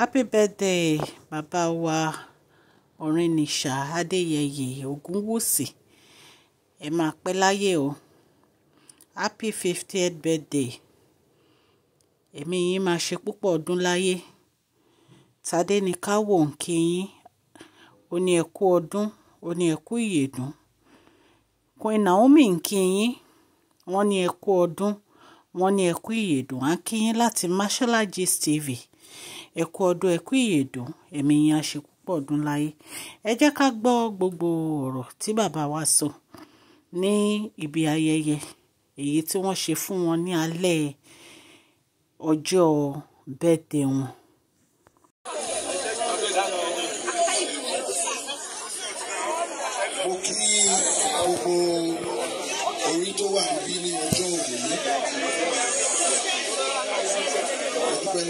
happy birthday bàbá wa ọ̀rìnìṣà adéyẹyẹ ògúnwùsì ẹ máa pẹ́ láyé o happy fiftieth birthday ẹ̀mí yín máa ṣe púpọ̀ ọdún láyé tadé ní káwò ń kí yín ó ní ẹ kú ọdún ó ní ẹ kú ìyèdún queen naomi ń kí yín wọ́n ní ẹ kú ọdún wọ́n ní ẹ kú á kí yín láti mashola tv ẹ kú ọdún ẹ kú ìyèdùn ẹ̀mí yín á ṣe púpọ̀ ọdún láyé ẹ jẹ́ ká gbọ́ gbogbo ọ̀rọ̀ tí bàbá wa sọ ní ibi ayẹyẹ èyí tí wọ́n ṣe fún wọn ní alẹ́ ọjọ́ bẹ́ẹ̀dẹ̀ wọn. mo kí gbogbo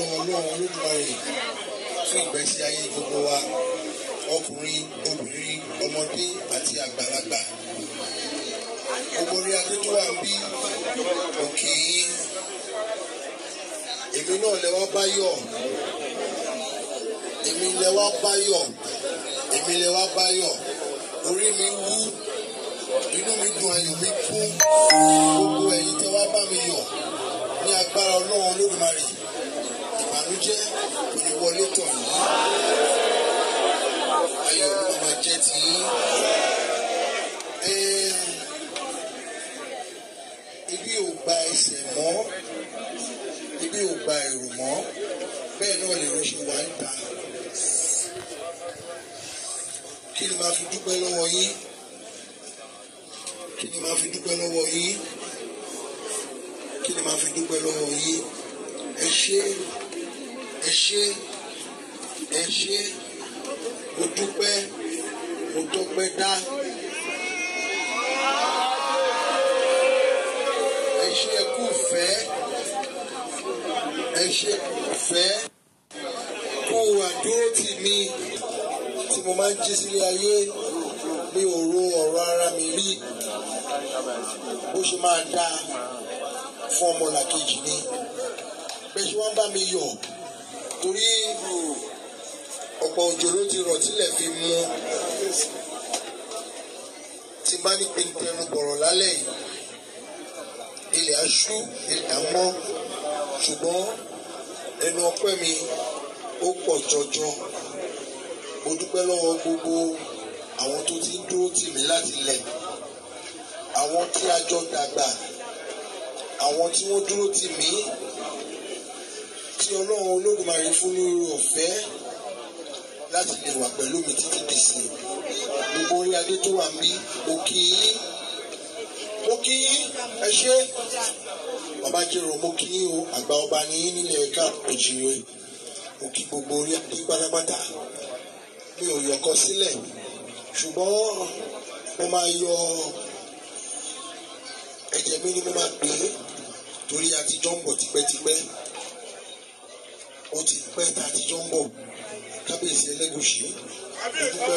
ọlọ́run olódùmarè fún ìgbésí ayé gbogbo wa ọkùnrin obìnrin ọmọdé àti àgbàlagbà gbogbo orí wà bí òkè yín èmi náà lẹ́wà báyọ̀ èmi lẹ́wà báyọ̀ èmi lẹ́wà báyọ̀ orí mi wú inú mi dùn ayọ̀ mi kún gbogbo ẹ̀yin tẹ́ wá bá mi yọ̀ ní agbára ọlọ́run olódùmarè jẹ́ kò ní wọlé tọ̀ yín. ayọ̀ ló máa jẹ́ ti yín. ibi ò gba ẹsẹ̀ mọ́ ibi ò gba èrò mọ́ bẹ́ẹ̀ náà lè rọ ṣe wà ń ta. kí ni màá fi dúpẹ́ lọ́wọ́ yín kí ni màá fi dúpẹ́ lọ́wọ́ yín kí ni màá fi dúpẹ́ lọ́wọ́ yín ẹ ṣé ẹ ṣé ẹ ṣé mo dúpẹ́ mo dúpẹ́ dá. ẹ ṣé ẹ kú fẹ́ ẹ ṣé kú àdúró tì mí tí mo máa ń jí sílé ayé mi ò ro ọ̀rọ̀ ara mi rí bó ṣe máa dáa fún ọmọlàkejì ni bẹ́ẹ̀ ṣe wọ́n bá mi yọ̀ torí ọ̀pọ̀ òjò ló ti rọ̀ tílẹ̀ fi mú tí bá ní pinpin bọ̀rọ̀ lálẹ́ yìí ilẹ̀ aṣú ilẹ̀ amọ́ ṣùgbọ́n ẹnu ọpẹ́ mi ó pọ̀ jọjọ mo dúpẹ́ lọ́wọ́ gbogbo àwọn tó ti ń dúró tì mí láti lẹ̀ àwọn tí a jọ dàgbà àwọn tí wọ́n dúró tì mí tí ọlọ́run olódùmarè fún ní irú ọ̀fẹ́ láti lè wà pẹ̀lú mi títí dìsí gbogbo orí adé tó wà mí ó kí yín ó kí yín ẹ ṣe bàbá jẹrọ mo kí yín o àgbà ọba ní yín nílẹ̀ ẹ̀ka òjìrè mo kí gbogbo orí adé pátápátá mi ò yọkọ sílẹ̀ ṣùgbọ́n mo máa yọ ẹ̀jẹ̀ mi ni mo máa pè é torí àtijọ́ ń bọ̀ tipẹ́tipẹ́ ó ti pẹ́ tá a ń bọ̀ kábíyèsí Ẹlẹ́gùṣì ìdúpẹ́ o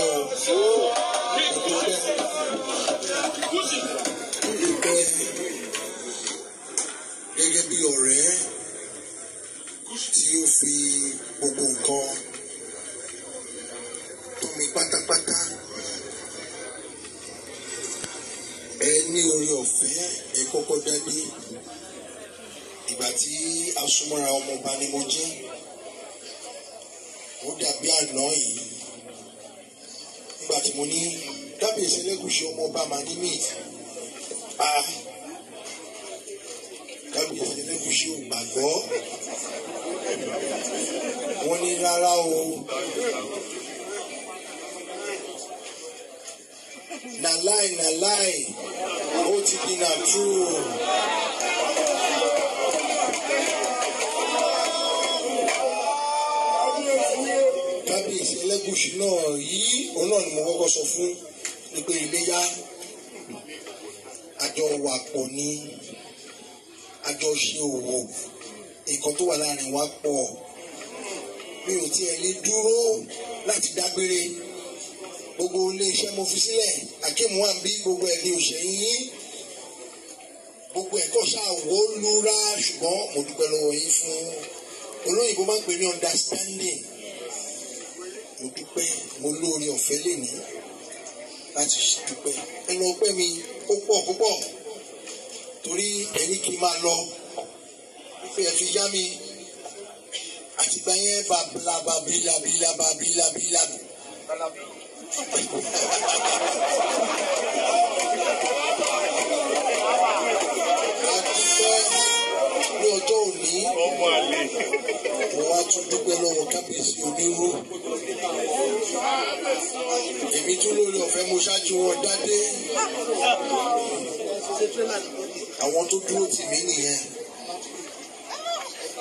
ìdúpẹ́ ìdúpẹ́ gẹ́gẹ́ bí ọ̀rẹ́ tí ó fi gbogbo nǹkan tó pátápátá ẹ ní orí ọ̀fẹ́ ẹ kọ́kọ́ dá dé ìgbà tí asúmọ́ra ọmọọba ni mo jẹ́ ó dàbí àná yìí nígbà tí mo ní dábìyèsí Elégùṣì ọmọ ọba máa ní mí kábíyèsí Elégùṣì ò gbàgbọ́ wọ́n ní rárá o. na lie na lie ó ti di na Elégùṣì náà yìí òun náà ni mo kọ́kọ́ sọ fún ni pé iléyà àjọ wà pọ̀ ní àjọ ṣe òwò nǹkan tó wà láàrin wa pọ̀ mi ò tiẹ̀ lè dúró láti dágbére gbogbo iléeṣẹ́ mo fi sílẹ̀ akéemu wa bí gbogbo ẹ̀ ní òṣèyí yín gbogbo ẹ̀kọ́ ṣàwó lura ṣùgbọ́n mo dúpẹ́ lọ́wọ́ yín fún olóyìnbó máa ń pè ní understanding mo lóore ọ̀fẹ́ lè ní láti dúpẹ́ ẹnu ọpẹ́ mi ó pọ̀ púpọ̀ torí ẹni kì í máa lọ pé ẹ fi yá mi àtìgbà yẹn babila babila babila babila.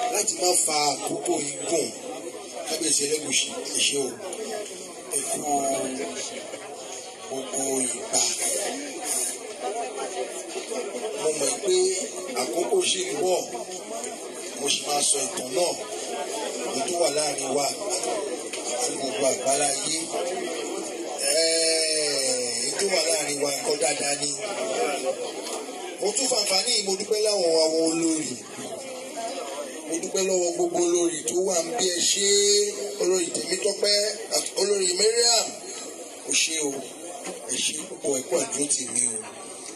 láti má fa àkókò igun kábíyèsí ẹlẹ́gùsì ẹ̀ṣẹ́ o ẹ̀kú gbogbo ìgbà mo mọ̀ pé àkókò ṣì ń bọ̀ mo sì máa sọ ìtàn náà èyí tó wà láàrin wa fún gbogbo àgbára yé èyí tó wà láàrin wa nǹkan dáadáa ni mo tún fàǹfààní mo dúpẹ́ láwọn àwọn olórí mo dúpẹ́ lọ́wọ́ gbogbo olórí tó wà ń bí ẹ ṣe olórí Tèmítọ́pẹ́ olórí Mariam ò ṣe o ẹ ṣe púpọ̀ ẹ̀kọ́ àdúró tèmi o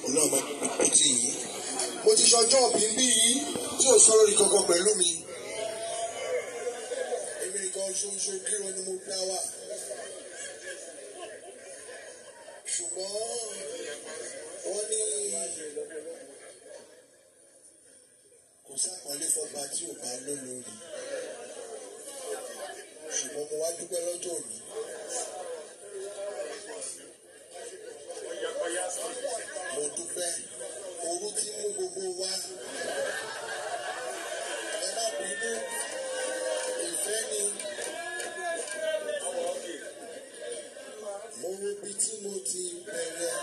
ọlọ́run máa pípọ́ tì yín. mo ti ṣọjọ́ òbí bí yìí tí ò sọ̀rọ̀ rí pẹ̀lú mi. èmi nìkan ṣoṣo kí ni mo dá wà. ṣùgbọ́n. àpọ́nlé fọba tí ò bá lólórí ṣùgbọ́n mo wá dúpẹ́ lọ́jọ́ òní. mo dúpẹ́ ooru tí mú gbogbo wa ẹ má bínú ìfẹ́ ni mo wo ibi tí mo ti bẹ̀rẹ̀.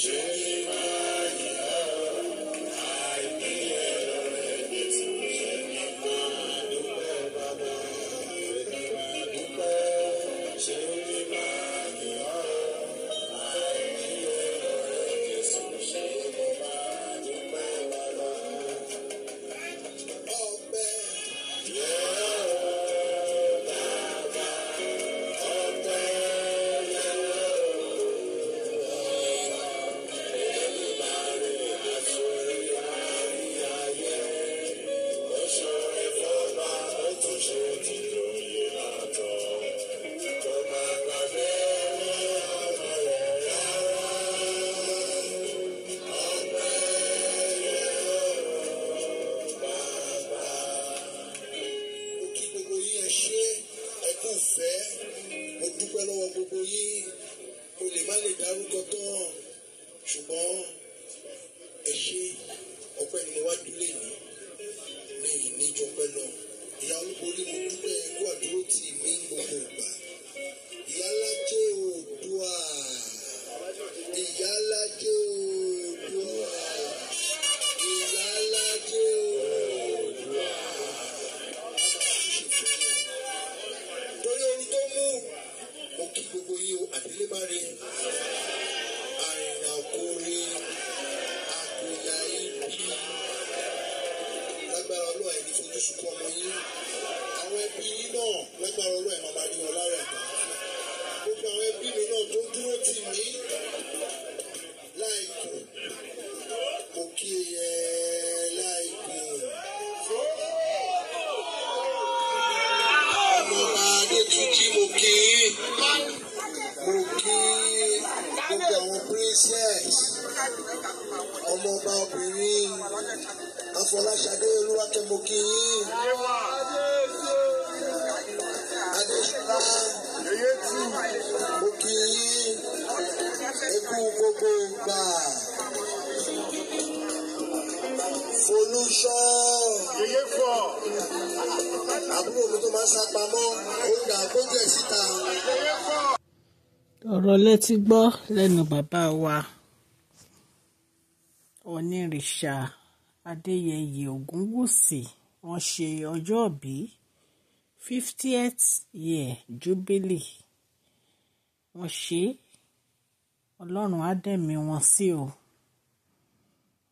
Shame. lè dárúkọ tán ṣùgbọ́n ẹ ṣe ọpẹ́ ni mo wá dúlé ní mi ì ní lọ ìyá olúborí mo dúpẹ́ ẹkú àdúró tì mí gbogbo ìgbà ìyá alájẹ òdua ìyá alájẹ òdua. àwọn princess ọmọọba obìnrin Afọláṣadé Olúwakẹ́mọkì yín Adéṣọlá mọkì yín ẹkú gbogbo gbà Folúṣọ́ àbúrò mi tó máa ń sá pamọ́ ó ń dà gbójú ẹ̀ síta ọ̀rọ̀ lẹ́tí gbọ́ lẹ́nu bàbá wa onírìṣà adéyẹyẹ ògúnwùsì wọ́n ṣe ọjọ́òbí fiftieth year jubilee wọ́n ṣe ọlọ́run á dẹ̀mí wọn sí o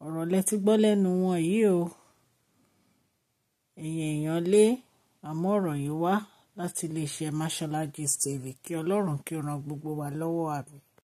ọ̀rọ̀ lẹ́tí gbọ́ lẹ́nu wọn yìí o èèyàn lé àmọ́ ọ̀rọ̀ yìí wá láti iléeṣẹ́ Mashola Gist TV kí Ọlọ́run kí ó ran gbogbo wa lọ́wọ́ àmín